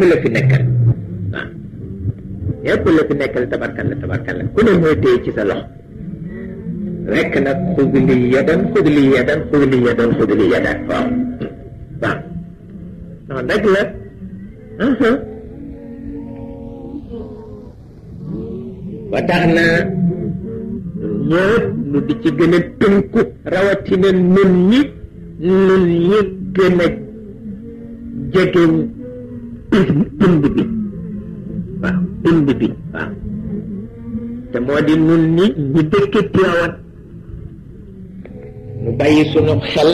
fële ya nekkal waaw yëpp la fi nekkal tabarkal la tabarkal la ku ne ci sa loxo rek nag xud yadan xud yadan xud yadan xud yadan waaw nah. nah, waaw non nag la ya, ba tax na ñëpp nu di ci gën a tënku rawatina nun ñi nun ñi gën a ëmb bi waaw ëmb bi waaw te moo di nun ni ñu dëkk Tiwaawan nu bàyyi sunu xel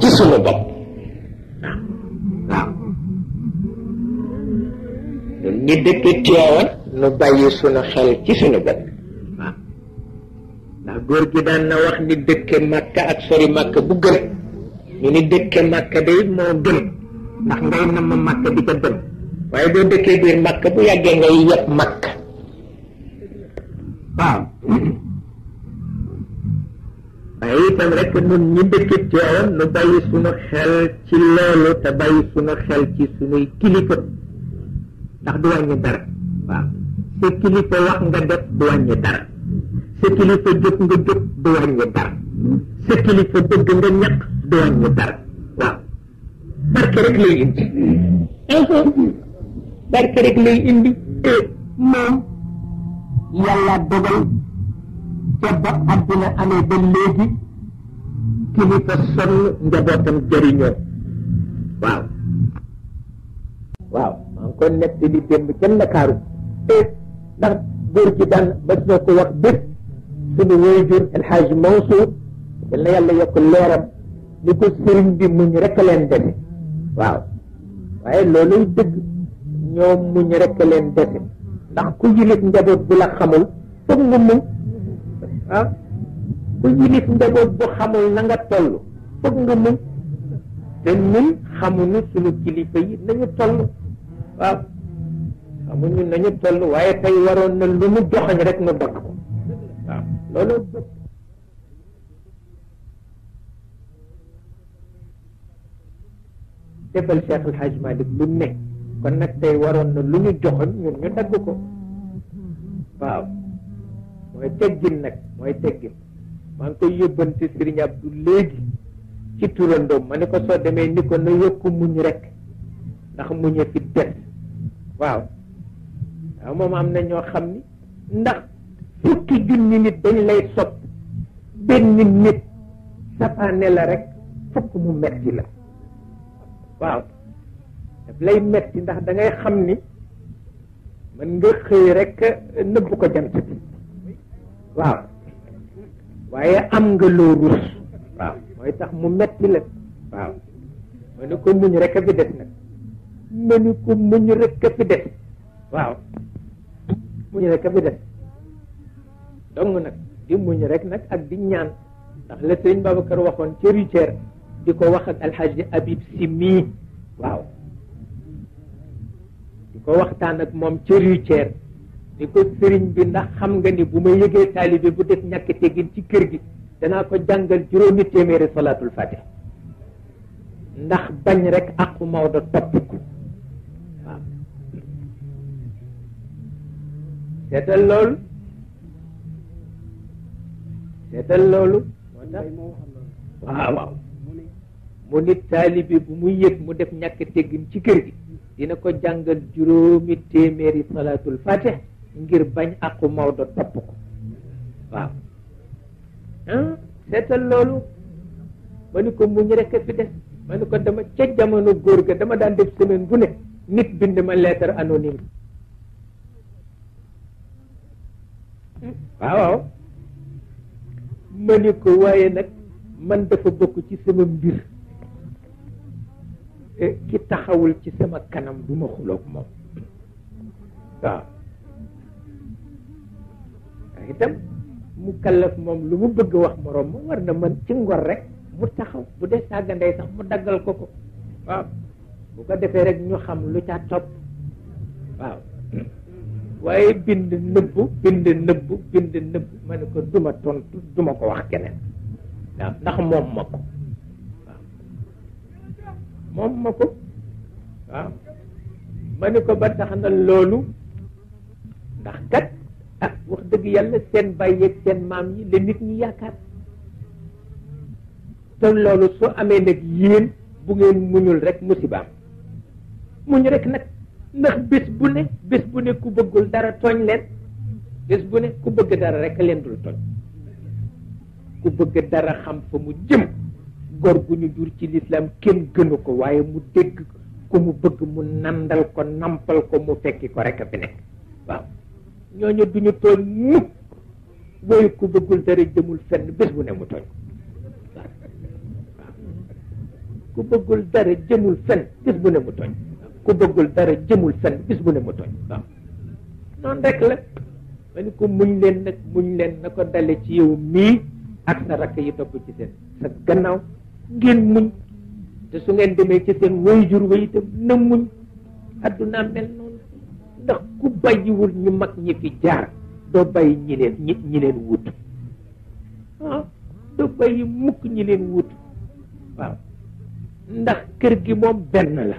ci sunu bopp waaw waaw nun ñi dëkk Tiwaawan nu bàyyi sunu xel ci sunu bopp waaw ndax góor gi daan wax ni dëkk Màkka ak sori Màkka bu gën ñu ni dëkk Màkka day moo gën ndax ngay na ma Màkka di ko dem waaye boo dëkkee biir makk bu yàggee ngay yëpp makk waaw waaye itam rek nun ñi dëkki teewoon nu bàyyi sunu xel ci loolu te bàyyi sunu xel ci sunuy kilifa ndax du wàññi dara waaw sa kilifa wax nga def du wàññi dara sa kilifa bëgg nga ñaq du wàññi dara waaw barke rek lay barke rek lay indi mom yalla dogal ca ba aduna amee ba ki léegi kilifa sonn njabootam jëriñoo waaw waaw maa ko nek di dem la karu e eh, ndax gor ci daan ba ci ko wax bés sunu wayjur El Hadj Mansour yal yalla yàlla yokk leeram ni ko sëriñ bi muñ rek leen dem waaw waye lolou deug ñoom muñ rek leen dese ndax ku yilif njaboot bu la xamul foog nga mu ah ku yilif njaboot bu xamul na nga toll foog nga muñ te ñun xamuñu suñu kilifa yi nañu toll waaw ah? xamuñu nañu toll waaye tey waroon na lu mu joxañ rek nu dagg ko waaw ah, loolu defal cheikh alhaj malik lu nekk kon nag tey waroon na lu ñu joxoñ ñun ñu dagg ko waaw mooy teggin nag mooy teggin maa ngi koy yóbbante Sëriñ Abdu léegi ci turandoom ma ne ko soo demee ni ko na yokk muñ rek ndax muñe fi des waaw waaw moom am na ñoo xam ni ndax fukki junni nit dañ lay sopp benn nit safaane la rek fukk mu metti la waaw daf lay metti ndax dangay xam ni mën nga xëy rek nëbbu ko jant bi waaw waaye am nga loo rus waaw mooy tax mu metti la waaw ma ne ko muñ rek a fi des nag ma ne ko muñ rek a fi des waaw muñ rek a fi des dong nag di muñ rek nag ak di ñaan ndax la sëriñ Babacar waxoon ca Richard di ko wax ak alxaaji Habib si mii waaw ko waxtaan ak moom cër yu Thiers ni ko sëriñ bi ndax xam nga ni bu ma yëgee taalibe bu def ñàkk teggin ci kër gi danaa ko jàngal juróomi téeméeri salaatul fatiha ndax bañ rek aqu Maodo topp ko seetal loolu seetal loolu waaw waaw mu nit taalibe bu muy yëg mu def ñàkk teggin ci kër gi dina ko jàngal juróomi téeméeri salaatul fatih ngir bañ aqu Maodo topp ko waaw seetal loolu ma ni ko muñ rekk fi des ma ko dama ca jamono góor ga dama daan def semaine bu ne nit bind ma lettre anonyme waaw waaw ma ni ko waaye nag man dafa bokk ci sama mbir Eh, ki taxawul ci sama kanam du ma xuloog moom waaw itam mu kallaf moom lu mu bëgg wax moroom ma war na mën ci ngor rek mu taxaw bu dee sàggandey sax mu daggal ko ko waaw bu ko defee rek ñu xam lu ca topp waaw waaye bind nëbb bind nëbb bind nëbb ma ne ko duma tontu duma ko wax keneen waaw ndax moom ma ko moom ma ko waaw ma ni ko ba tax na loolu ndax kat ak ah, wax dëgg yàlla seen bàyyi ak seen maam yi la nit ñi yaakaar te loolu soo amee nag yéen bu ngeen muñul rek musibaam muñ rekk nag ndax bés bu ne bés bu ne ku bëggul dara tooñ leen bés bu ne ku bëgg dara rek leen dul tooñ ku bëgg dara xam fa mu jëm góor gu ñu jur ci lislaam kenn gënu ko waaye mu dégg ku mu bëgg mu nandal ko nàmpal ko mu fekki ko rek a fi nekk waaw ñooñu du ñu tooñ mukk woyu ku bëggul dara jëmul fenn bés bu ne mu tooñ ku bëggul dara jëmul fenn bés bu ne mu tooñ ku bëggul dara jëmul fenn waaw noonu rek la ma ko muñ leen nag muñ leen na ko dale ci yow mii ak sa rakk yi topp ci seen sa gannaaw ngeen muñ te su ngeen demee ci seen way jur way itam na muñ adduna mel noonu ndax ku bàyyiwul ñu mag ñi fi jaar doo bàyyi ñi leen ñi ñi leen wut ah doo bàyyi mukk ñi leen wut waaw ndax kër gi moom benn la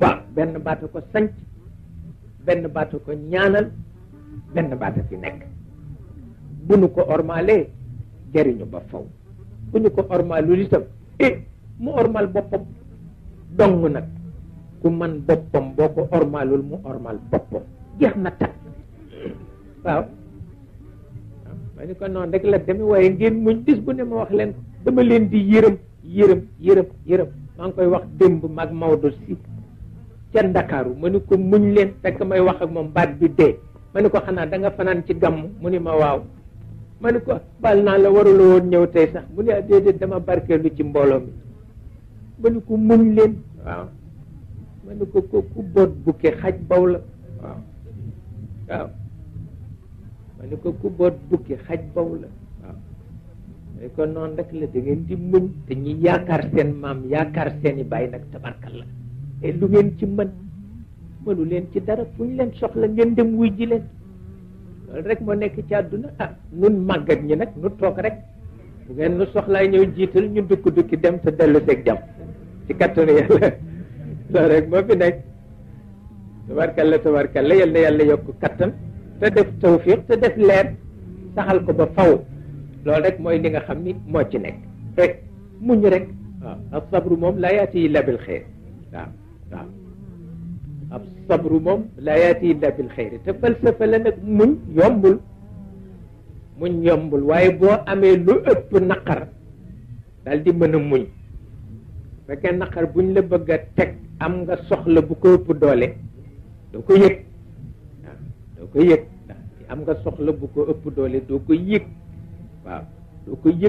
waaw benn baata ko sanc benn baata ko ñaanal benn baata fi nekk bu nu ko ormaalee jariñu ba faw bu ñu ko lu itam eh mu ormal boppam dong nak ku man boppam boko ormalul mu ormal boppam jeex na tak waaw ma ko non rek la demi waaye ngeen muñ dis bu ne ma wax len dama len di yërëm yërëm yërëm yërëm ma ngi koy wax demb mag Maodo si ci dakaru ma ko muñ len fekk may wax ak mom baat bi de ma ko da nga fanaan ci gam mu ma ma ne ko bal naa la warula woon ñëw tey sax mu ne ah déedéet dama barkeelu ci mbooloo mi ma ne ko muñ leen waaw ma ne ko ko ku boot bukke xaj bow la waaw waaw ma ne ko ku boot bukke xaj baw la waaw ma ne ko noonu rek la da ngeen di muñ te ñi yaakaar seen maam yaakaar seeni bàyyi nag tabarkal la te lu ngeen ci mën mënu leen ci dara fu ñu leen soxla ngeen dem wuy ji leen loolu rek moo nekk ci àdduna ah nun màggat ñi nag nu toog rek bu ngeen nu soxlaa ñëw jiital ñu dukki dukki dem te dellu seeg jàmm ci kattanu yàlla loolu rek moo fi yokk kattan te def saxal ko ba faw loolu rek mooy li nga xam ni moo ci nekk rek muñ rek waaw ak sabru moom laa yaati illa bil xeer waaw waaw sabru moom laa yaati illa bil xeyri te falsafa la nag muñ yombul muñ yombul waaye boo amee lu ëpp naqar daal di mën a muñ fekkee naqar buñ la bëgg a teg am nga soxla bu ko ëpp doole doo ko yëg waaw nga soxla bu ko ëpp doole doo ko yëg waaw doo ko yëg